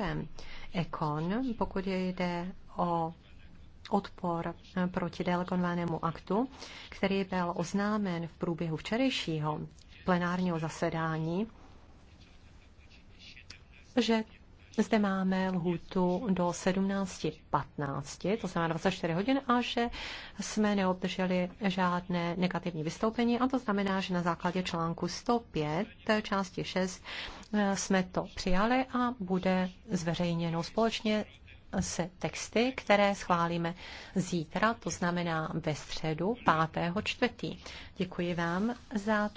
systém Ekon, pokud jde o odpor proti delegovanému aktu, který byl oznámen v průběhu včerejšího plenárního zasedání, že zde máme lhůtu do 17.15, to znamená 24 hodin, a že jsme neobdrželi žádné negativní vystoupení. A to znamená, že na základě článku 105 části 6 jsme to přijali a bude zveřejněno společně se texty, které schválíme zítra, to znamená ve středu 5. čtvrtý. Děkuji vám za tu